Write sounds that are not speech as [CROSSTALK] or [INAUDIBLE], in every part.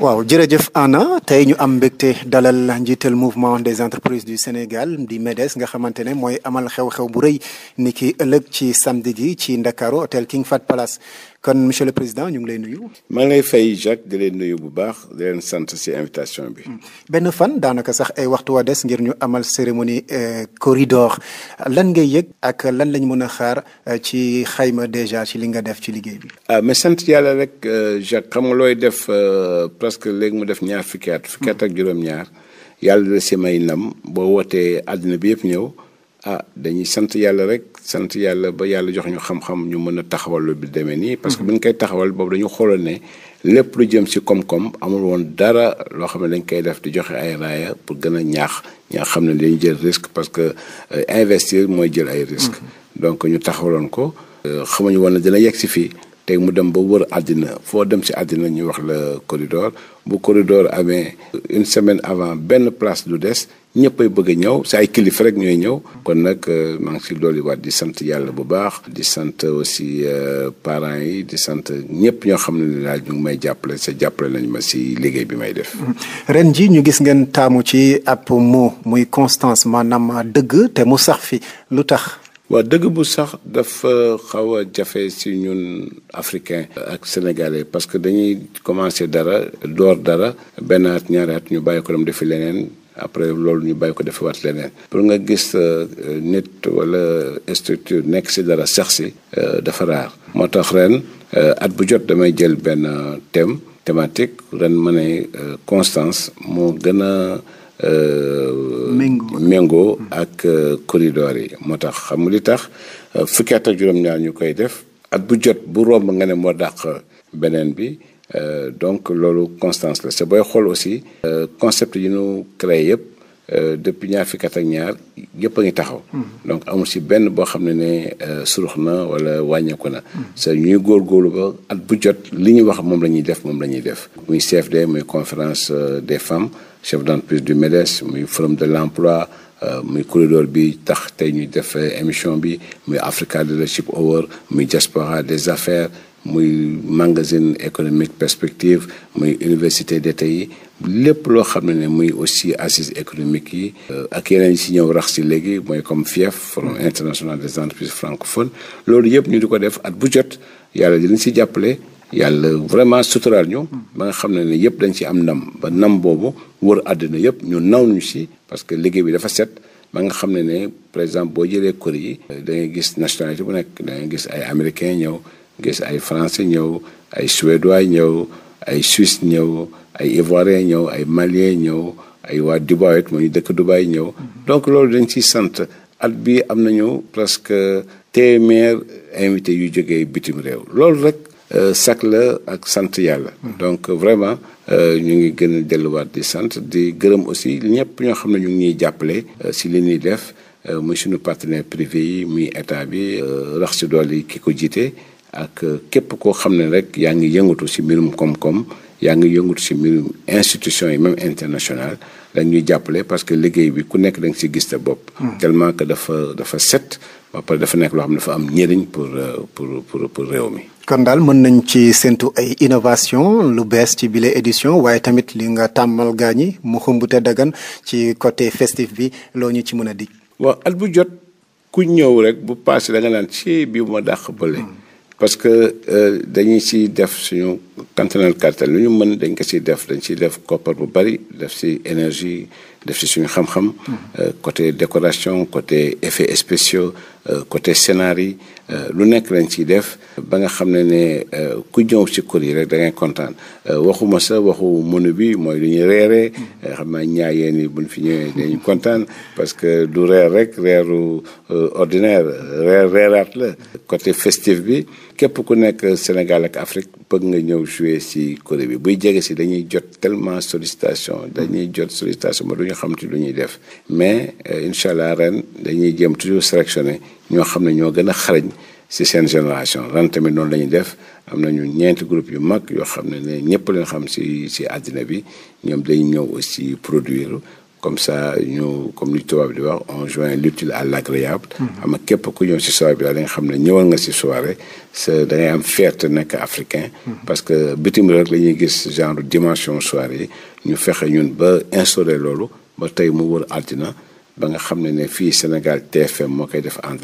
waaw jërëjëf Anna tey ñu am mbégte dalal njiital mouvement des entreprises du Sénégal di MEDES nga xamante ne mooy amal xew-xew bu rëy ni ki ëllëg ci samedi gi ci Ndakaaru hôtel King fat Palace kon monsieur le président ñu ngi lay nuyu. maa ngi lay fay Jacques di leen nuyu bu baax di leen sant ci invitation bi. Mm. benn fan daanaka sax ay waxtu waa des ngir ñu amal cérémonie euh, corridor lan ngay yëg ak lan lañ mën a xaar euh, ci xayma déjà ci li nga def ci liggéey bi. ah mais yàlla rek euh, Jacques xam looy def presque léegi mu def ñaar fukki at. fukki at mm. juróom-ñaar yàlla da si may ndam boo wootee àddina bi yëpp ñëw. ah dañuy sant yàlla rek sant yàlla ba yàlla jox ñu xam-xam ñu mën a taxawal lu bi demee nii. parce que mhm. bu ñu koy taxawal boobu dañu xooloon ne lépp lu jëm si koom-koom amul woon dara loo xam ne dañ koy def di joxe ay raaya pour gën a ñaax ñaa xam ne dañ jël risque parce que euh, investir mooy jël ay risque mhm. donc ñu taxawaloon ko. Euh, xamuñu woon ne dina yegg si fii. tey mu dem ba wër àddina foo dem si àddina ñu wax la corridor bu corridor amee une semaine avant benn place du des ñëppay bëgg a ñëw si ay kilifa rek ñooy ñëw. kon nag euh, maa ngi si dolli waat di sant yàlla bu baax. di sant aussi euh, parent yi di sant ñëpp ñoo xam ne daal ñu may jàppale sa jàppale nañ ma si liggéey bi may def. Mm-hmm. ren ji ñu gis ngeen taamu ci app mot muy constance maanaam dëgg te mu sax fi lu tax. waa dëgg bu sax dafa xaw a jafe si ñun africain ak sénégalais parce que dañuy commencé dara door dara benn at ñaari at ñu bàyyi ko dem defi leneen après loolu ñu bàyyi ko defi waat leneen pour nga gis euh, nit wala structure nekk si dara sax si euh, dafa raar moo tax ren euh, at bu jot damay jël benn thème thématique ren ma ne constance moo gën Euh, méngoo ak euh, corridor yi moo tax xam nga li tax euh, fukki at ak juróom-ñaar ñu koy def at bu jot bu romb nga ne moo dàq beneen bi donc loolu constance la c'est booy xool aussi concept yi nu créé yëpp depuis ñaar fukki ak ñaar yëpp a ngi taxaw hmm. donc amul si benn boo xam ne ne surux na wala wàññeeku na c'est hmm. ñuy góorgóorlu ba at bu jot li ñu wax moom la ñuy def moom la ñuy def muy CFD muy conférence des femmes chef d'entreprise du MEDES muy forum de l'emploi euh, muy corridor bi tax tey ñuy def émission bi muy Africa Leadership Award muy diaspora des affaires muy magazine économique perspective muy université d'été yi lépp loo xam ne ne muy aussi assises économiques yi euh, ak yeneen si ñëw rax si léegi mooy comme FIEF forum international des entreprises francophones loolu yëpp ñu di ko def at bu jot yàlla dinañ si jàppale yàlla vraiment suturaal ñëw hmm. ba nga xam ne ne yëpp dañ ci am ndam ba ndam boobu wër àddina yëpp ñu naw ñu si parce que liggéey bi dafa set ba nga xam ne ne par exemple boo jëlee kër yi da ngay gis nationalité bu nekk da ngay gis ay américain ñëw gis ay français ñëw ay suédois ñëw ay suisse ñëw ay ivoirien ñëw ay malien ñëw ay waa Dubaï moo ñu dëkk Dubaï ñëw hmm. donc loolu dañ ciy sant at bi am na nañu presque téeméer invité yu jógee bitim réew Euh, sakk la ak sant yàlla. Hmm. donc vraiment euh, ñu ngi gën a delluwaat di sant di gërëm aussi ñëpp ñoo xam ne ñu ngi ñuy jàppale euh, si li nuy def muy suñu partenaire privé yi muy état bi. rax si dool yi ki ko jiite ak képp koo xam ne rek yaa ngi yëngatu si mbirum koom-koom yaa ngi yëngatu si mbirum institution yi même international dañ ñuy jàppale parce que liggéey bi ku nekk da nga si gis sa bopp. Hmm. tellement que dafa dafa set ba pare dafa nekk loo xam ne dafa am njëriñ pour pour pour pour réew mi. kon daal mën nañ ci séntu ay innovation lu bees ci bile édition waaye tamit li nga tàmmal gaa ñi mu xumb te dagan ci côté festif bi loo ñu ci mën a dig. waaw at bu jot ku ñëw rek bu paase da nga naan ci bii ma bële. Mm. parce que euh, dañuy siy def suñu cantonal cartel lu ñu mën dañ ko siy def dañ siy def koppar bu bari def si énergie def si suñu xam-xam. Mm. Euh, côté décoration côté effet spéciaux. Euh, côté scénario euh, lu nekk lañ ciy def ba nga xam ne ne euh, ku ñëw si kër yi rek da ngay kontaan waxuma sa waxu mënu bi mooy lu ñu reeree xam naa ñaayeen yi buñ fi ñëwee dañu kontaan parce que du reer rek reeru ordinaire reer reeraat la côté festif bi képp ku nekk Sénégal ak Afrique bëgg nga ñëw jouer si kër bi buy jege si dañuy jot tellement sollicitation dañuy jot sollicitation ba du ñu xam ci lu ñuy def mais incha allah ren dañuy jéem toujours sélectionné ñoo xam ne ñoo gën a xarañ si seen génération ren tamit noonu la def am na ñu ñeenti groupe yu mag yoo xam ne ne ñëpp leen xam si si àddina bi ñoom dañ ñëw aussi produire comme sa ñu comme li tubaab di wax on joint l'utile à l'agréable mm-hmm. ama képp ku ñëw si soirée bi daal da nga xam ne ñëwal nga si soirée sa da am fierté nekk africain mm-hmm. parce que bitim réew rek la ñuy gis genre dimension soirée yi ñu fexe ñun ba instauré loolu ba tey mu wër àddina ba nga xam ne ne fii Sénégal TFM moo koy def en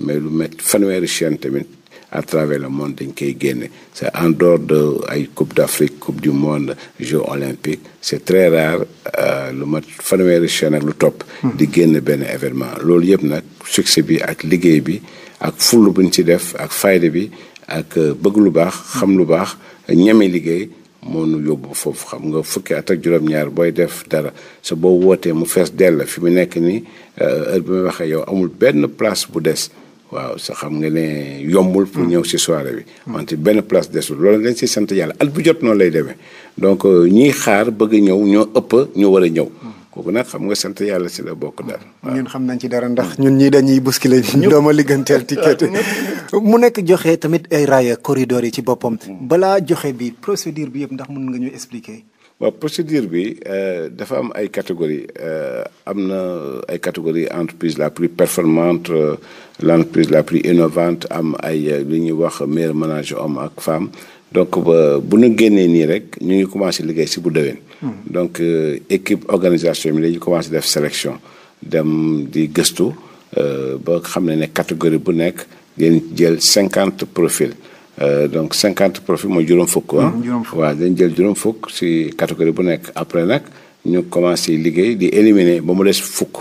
mais lu met fanweeri chaîne tamit à travers le monde dañ koy génne c'est en dehors de ay coupe d'Afrique coupe du monde jeux olympiques c'est très rare euh, lu mat fanweeri chaîne ak lu topp di génn benn événement loolu yëpp nag succès bi ak liggéey bi ak full buñ ci def ak fayde bi ak euh, bëgg lu baax xam lu baax ñeme liggéey moo nu yóbbu foofu xam nga fukki at ak juróom-ñaar booy def dara sa boo wootee mu fees dell fi mu nekk ni euh, heure bi may waxee yow amul benn place bu des waaw sa xam nga ne yombul pour ñëw si soirée bi mm. wante benn place desul loolu dañ si sant yàlla at bu jot noonu lay demee donc euh, ñiy xaar bëgg ñëw ñoo ëpp ñu war a ñëw mm. kooku nag xam nga sant yàlla si la bokk daal ñun xam nañ ci dara ndax mm. ñun ñii dañuy buskile ñu dooma ligganteel [LAUGHS] ticket mu nekk joxe tamit ay raaya corridor yi ci boppam. balaa joxe bi procédure bi yëpp ndax mun nga ñu expliquer. waaw procédure bi euh, dafa am ay catégories euh, am na ay catégorie entreprise la plus performante euh, l' entreprise la plus innovante am ay lu ñuy wax meilleur ménage homme ak femme. donc bu nu génnee nii rek ñu ngi commencé liggéey si bu déwén. Hmm. donc équipe organisation bi dañuy commencé def sélection dem di gëstu ba xam ne ne catégorie bu nekk. ngeen jël cinquante profils euh, donc cinquante profils mooy juróom fukk ah. waaw dañ jël juróom fukk si catégorie bu nekk après nag ñu commencé liggéey di éliminer ba mu des fukk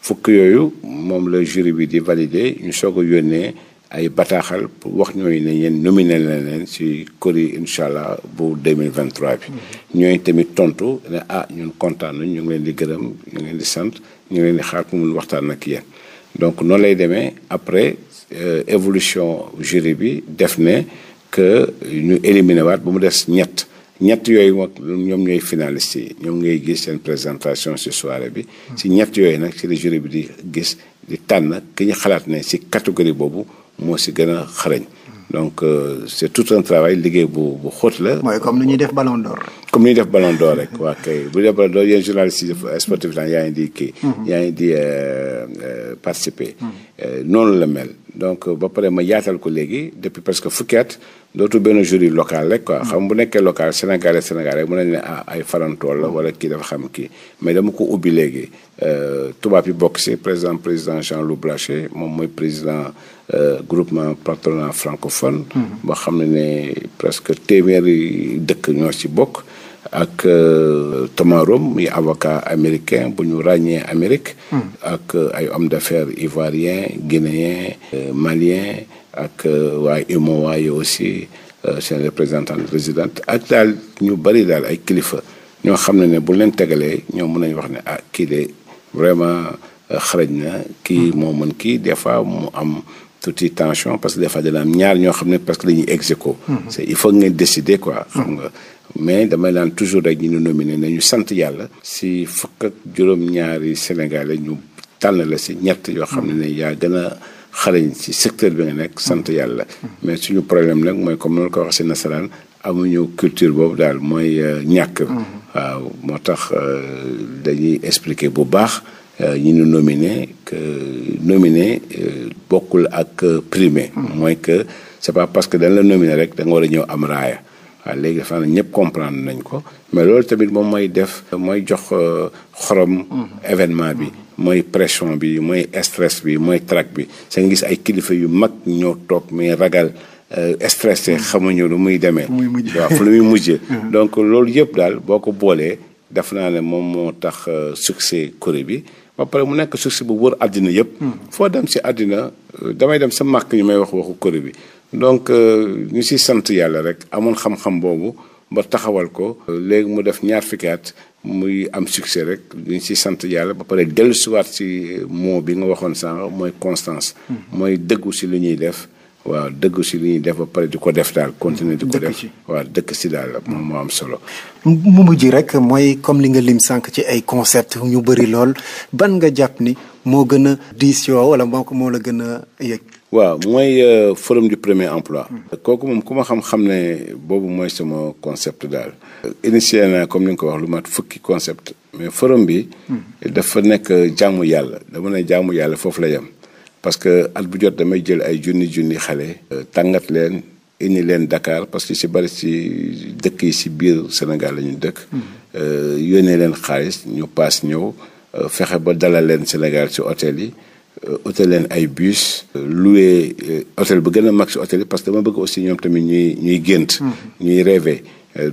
fukk yooyu moom la jury bi di valider ñu soog a yónnee ay bataaxal pour wax ñooñu ne ñeen nominé na leen si kori incha allah bu 2023 bi. Mhm. ñooñu tamit tontu ne ah ñun kontaan nañ ñu ngi leen di gërëm ñu ngi leen di sant ñu ngi leen di xaar pour mun waxtaan nag yéen donc noonu lay demee après. Euh, évolution jury bi def ne que ñu éliminé waat bu mu des ñett ñett yooyu moom ñoom ñooy finaliste yi ñoom ngay gis seen présentation ci soirée bi si ñett yooyu nag ci la jury bi di gis di tànn ki ñu xalaat ne si catégorie boobu moo si gën a xarañ donc euh, c'est tout un travail liggéey bu bu xóot la. mooy comme ni ñuy def ballon d'or. comme ni def ballon rek waa kay bu def ballon d'or yéen journaliste yi yaa ngi di kii. Mhm. yaa ngi di euh, euh, participer. Mhm. noonu la mel. donc euh, ba pare ma yaatal ko léegi depuis presque fukki at dootu benn jury local rek quoi. xam bu nekkee local sénégalais sénégalais mën nañu ne ah, ay farantool la wala kii dafa xam kii mais dama ko ubbi léegi euh, tubaab yi bokk si président président Jean Loup Blaché moom mooy président euh, groupement patronat francophone. Mm-hmm. boo xam ne ne presque téeméeri dëkk ñoo si bokk. ak euh, Thomas Rome muy avocat américain bu ñu ràññee Amérique. Hmm. ak euh, ay hommes d'affaires ivoiriens guinéens euh, malien ak waa UEMOA yi aussi seen représentante résidente ak daal ñu bari daal ay kilifa ñoo xam ne ne bu leen tegalee ñoo mën nañu wax ne ah kii de vraiment xarañ na kii hmm. moo mën kii des fois mu am. tuuti tension parce que des fois dina am ñaar ñoo xam ne parce que dañuy ex aequo hmm. c'est il faut ngeen décider quoi xam nga mais damay naan toujours rek ñi ñu nominé nañu sant yàlla si fukk ak juróom-ñaari sénégalais ñu tànn la si ñett yoo xam ne ne yaa gën a xarañ ci secteur bi nga nekk sant yàlla mais suñu problème nag mooy comme noonu ko wax si nasaraan amuñu culture boobu daal mooy euh, ñàkk mm-hmm. moo tax euh, dañuy expliquer bu baax euh, ñi ñu nominé que nominé bokkul ak primé mm-hmm. mooy que c'est pas parce que dañ la nominé rek da nga war a ñëw am raaya waaw léegi dafa nag ñëpp comprendre nañ ko mais loolu tamit moom mooy def mooy jox euh, xorom mm-hmm. événement bi mooy pression bi mooy stress bi mooy trac bi sa ngi gis ay kilifa yu mag ñoo toog mais ragal euh, stressé mm-hmm. xamuñu lu muy demee waaw fu lu muy mujj [LAUGHS] mm-hmm. donc loolu yëpp daal boo ko boolee daf naa ne moom moo tax euh, succès Corée bi ba pare mu nekk suuf si bu wër àddina yëpp. Hmm. foo dem si àddina euh, damay dem sa màkk ñu may wax waxu kori bi. donc euh, ñu si sant yàlla rek amoon xam-xam boobu ba taxawal ko. léegi mu def ñaar fukki muy am succès rek ñu si sant yàlla ba pare dellusiwaat si euh, moo bi nga waxoon sànq mooy constance. Hmm. mooy dëggu si lu ñuy def. waaw dëgg si li ñuy def ba pare di ko def daal continuer di ko def waaw dëkk si daal moom moo am solo mu mujj rek mooy comme li nga lim sànq ci ay concept ñu bëri lool ban nga jàpp ni moo gën a diis yoo wala moo ko moo la gën a yëg waaw mooy euh, forum du premier emploi mm. kooku moom ku ma xam-xam ne boobu mooy sama concept daal initié na comme ni nga ko wax lu mat fukki concept mais forum bi mm. dafa nekk jaamu yàlla dama ne jaamu yàlla foofu la yem parce que at bu jot damay jël ay junni junni xale. Euh, tàngat leen indi leen dakaar parce que si bari si dëkk yi si biir Sénégal la ñu dëkk. Hmm. Euh, yónnee leen xaalis ñu paas ñëw euh, fexe ba dalal leen Sénégal si hôtel yi. hôtel leen ay bus. loué hôtel bu gën a mag si hôtel yi parce que dama bëgg aussi ñoom tamit ñuy ñuy gént. Hmm. ñuy rêver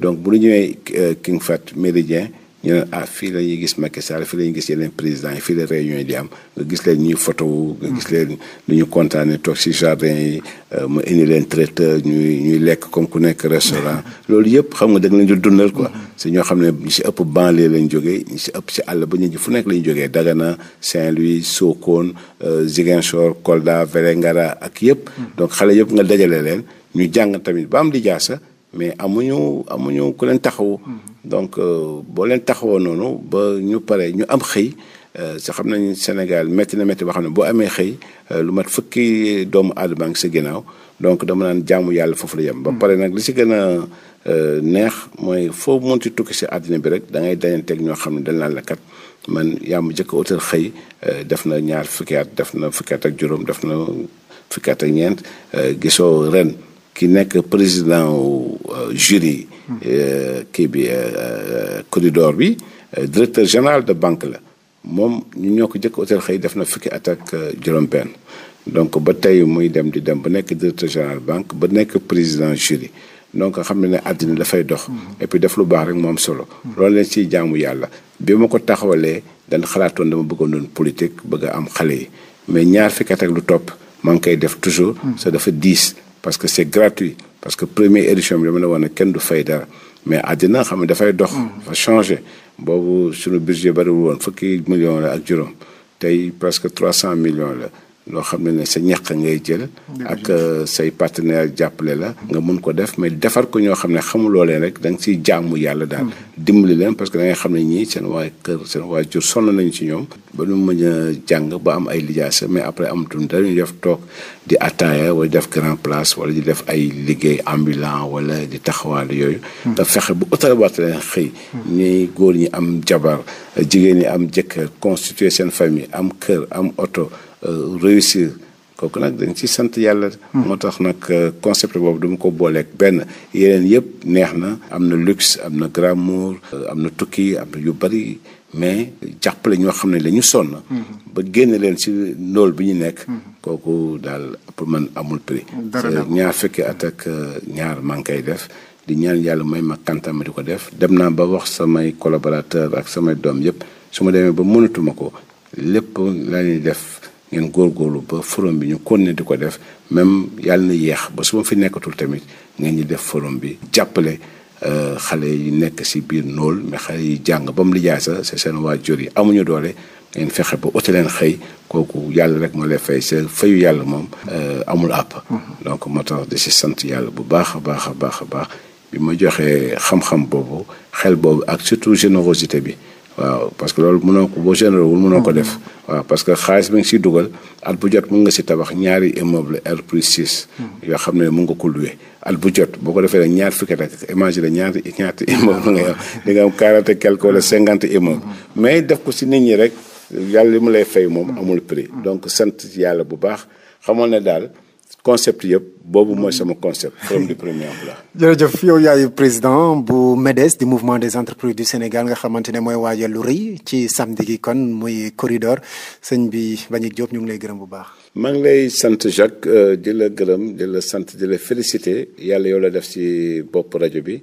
donc bu ñu ñëwee King Fahd Méridien. ñu ne ah fii la ñuy gis Macky Sall fii la ñuy gis yeneen président yi fii la réunion yi di am nga gis leen ñuy photo nga gis leen lu ñu kontaane toog si jardin yi euh, mu indi leen traiteur ñuy lekk comme ku nekk restaurant [LAUGHS] loolu yëpp xam nga da nga leen dundal quoi si ñoo xam ne ñu si ëpp banlieue lañu jógee ñu si ëpp si àll ba ñu ji fu nekk lañ jógee Dagana Saint-Louis Sokone euh, Ziguinchor Kolda Vélingara ak yëpp hmm. donc xale yëpp nga dajale leen ñu jàng tamit ba am di jaasa mais amuñu amuñu ku leen taxawu. Mm-hmm. donc euh, boo leen taxawoo noonu ba ñu pare ñu am xëy. Euh, sa xam nañu Sénégal metti na métti boo xam ne boo amee xëy euh, lu mat fukki doomu aadama ngi sa ginnaaw donc dama naan jaamu yàlla foofu la yem. ba mm-hmm. pare nag li si gën a neex mooy foo ti tukki si àddina bi rek da ngay dajanteeg ñoo xam ne dañ naa la kat man yaa ma jëkk utal xëy def na ñaar fukki def na fukki ak juróom def na fukki at ak ñeent gisoo ren. ki nekk président wu euh, jury hmm. euh, kii bi euh, corridor bi directeur général de banque la moom ñu ñoo ko jëkk hôtel xëy def na fukki at ak juróom-benn donc ba tey muy dem di dem ba nekk directeur général banque ba nekk président jury donc xam ne ne àddina dafay dox. Hmm. et puis def lu baax rek moom solo. Hmm. loolu leen ciy jaamu yàlla bi ma ko taxawalee dañ xalaatoon dama bëggoon doon politique bëgg am xale yi mais ñaar fukki at lu topp maa ngi def toujours. sa dafa diis. parce que c'est gratuit parce que premier édition bi dama na woon ne kenn du fay dara mais àddina xam ne dafay dox. Mm. dafa changé boobu suñu budget bariwul woon fukki millions ak juróom tey presque trois cent million la. loo xam ne ne sa ñaq ngay jël ak euh, say partenaire jàppale la nga mun ko def mais defar ko ñoo xam ne xamuloo leen rek da nga siy jaamu yàlla daal hmm. dimbali leen parce que da ngay xam ne ñii seen waa kër seen waa jur sonn nañu ci ñoom ba nu mën a jàng ba am ay lijaasa mais après amatul dara def toog di ataaya wala def grand place wala di def ay liggéey ambulant wala di taxawaal yooyu hmm. nga fexe bu utalawaat leen xëy ñuy hmm. góor ñi am jabar jigéen ñi am jëkkër constituer seen famille am kër am oto Euh, réussir kooku nag dañ ci sant yàlla. moo tax nag euh, concept boobu duma ko booleek benn yeneen yëpp neex na. am na luxe am na glamour. Euh, am na tukki am yu bari mais jàppale ñoo xam ne dañu sonn. ba génne leen ci ndóol bi ñu nekk. kooku daal pour man amul prix. ñaar fekki at ak ñaar maa ngi def. di ñaan yàlla may ma kantam di ko def dem naa ba wax samay collaborateur ak samay doom yëpp su ma demee ba mënatuma ko lépp la def. ngeen góorlu ba forum bi ñu kon ne di ko def même yàlla na yéex ba su ma fi nekkatul tamit ngeen ñu def forum bi jàppale euh, xale yi nekk si biir nool mais xale yi jàng ba mu lijaay sa sa seen waajur yi amuñu doole ngeen fexe ba uti leen xëy kooku yàlla rek moo lay fay sa fayu yàlla moom euh, amul àpp donc moo tax di si sant yàlla bu baax a baax a baax a baax bi ma joxee xam-xam boobu xel boobu ak surtout générosité bi waaw parce que loolu mënoo ko boo généré wul mënoo ko mm-hmm. def waaw parce que xaalis bi nga siy dugal at bu jot mën nga si tabax ñaari immeuble R plus 6 mm-hmm. yoo xam ne mu nga ko luwe at bu jot boo ko defee rek ñaar fukki rek imaginer ñaari ñaati [LAUGHS] immeuble nga yor di nga am quarante quelque wala cinquante immeuble mm-hmm. mais def ko si nit ñi rek yàlla li mu lay fay moom amul prix donc sant yàlla bu baax xamoon ne daal concept yëpp boobu mooy mm. sama concept from du premier emploi [LAUGHS] jërëjëf yow yaayu président bu MEDES di mouvement des entreprises du Sénégal nga xamante ne mooy waajal lu rëy ci samedi gi kon muy corridor sëñ bi Mbagnick Diop ñu ngi lay gërëm bu baax maa ngi lay sant Jacques euh, di la gërëm di la sant di la félicité yàlla yow la def ci bopp rajo bi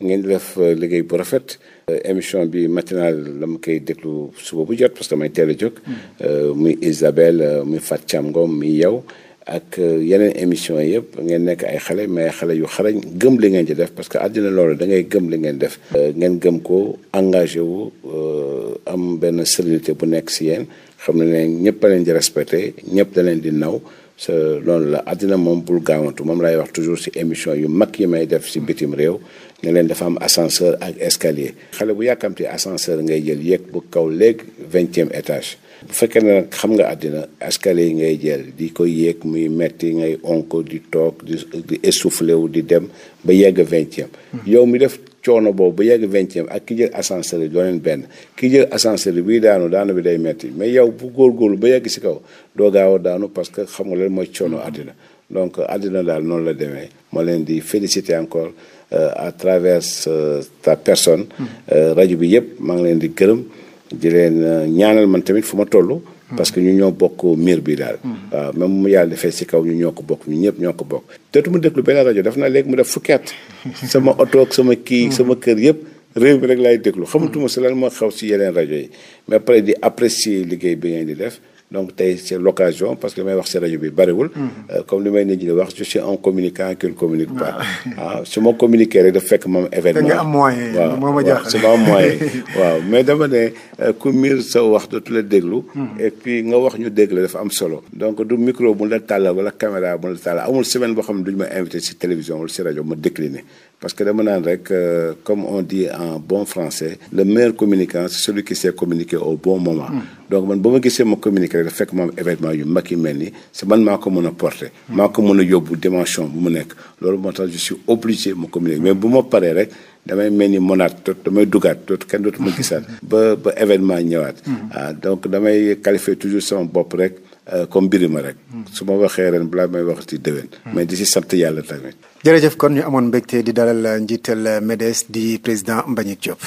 ngeen di def euh, liggéey bu rafet euh, émission bi matinal la ma koy déglu suba bu jot parce que may teel a jóg mm. muy Isabelle muy Fatou Thiam yow ak euh, yeneen émission yëpp ngeen nekk ay xale mais xale yu xarañ gëm li ngeen ci def parce que àddina loolu da ngay gëm li ngeen def. Euh, ngeen gëm ko engagé wu euh, am benn sérénité bu nekk si yéen xam ne ne ñëpp a leen di respecté ñëpp da leen di naw sa loolu la àddina moom bul gaawantu moom laay wax toujours si émission yu mag yi may def si bitim réew ne leen dafa am ascenseur ak escalier. xale bu yàkkamti ascenseur ngay jël yéeg bu kaw léegi vingtième étage. bu fekkee ne nag xam nga àddina escalier yi ngay jël di ko yéeg muy metti ngay onk di toog di di wu di dem ba yegg vingtième hmm. yow mi def coono boobu ba yegg vingtième ak ki jël ascenseur yi doo leen benn ki jël ascenseur bii buy daanu daanu bi day metti mais yow bu góor góorlu ba yegg si kaw doo gaaw a daanu parce que xam nga leen mooy coono hmm. àddina donc àddina daal noonu la demee ma leen di féliciter encore euh, à travers euh, ta personne hmm. euh, rajo bi yëpp maa ngi leen di gërëm di leen euh, ñaanal man tamit fu ma toll. parce que ñu ñoo bokk miir bi daal. Hmm. waaw même mu yàlla defee si kaw ñu ñoo ko bokk ñu ñëpp ñoo ko bokk. dootu mu déglu benn rajo def naa léegi mu def fukki at [LAUGHS] sama otoog sama kii hmm. sama kër yëpp réew mi rek laay déglu. Hmm. xamatuma si lan ma xew si yeneen rajo yi mais après di apprécier liggéey bi ngeen di def. donc tey c' est parce que may wax si rajo bi bëriwul. Mm-hmm. Euh, comme li may nit ñi di wax je suis un communicant qui ne communique pas. Ah. [LAUGHS] Ah, su ma communiqué rek dafa fekk moom événement. nga am moyen waaw su ma am moyen. [LAUGHS] waaw mais dama ne euh, ku miir sa wax dootu la déglu. Mm-hmm. et puis nga wax ñu dégg la dafa am solo. donc du micro bu la tàllal wala caméra bu la tàllal amul semaine boo xam ne duñu ma invité si télévision si rajo ma décliné. parce que dama naan rek euh, comme on dit en bon français le meilleur communicant c'est celui qui sait communiquer au bon moment hmm. donc man ba ma gisee ma communiquer rek fekk ma événement yu mag yi mel ni c'est man maa ko mën a porter hmm. maa a yóbbu dimension bu mu nekk loolu moo tax je suis obligé ma communiquer mais bu ma paree rek damay mel ni monaat doot damay dugaat doot kenn dootu ma gisaat hmm. ba ba événement ñëwaat ah donc damay qualifier toujours sama bopp rek Euh, comme birima rek. su ma waxee ren balaa may wax ci déwén. Hmm. mais di si sant yàlla tamit. jërëjëf kon ñu amoon mbégte di dalal njiital MEDES di président Mbagnick Diop.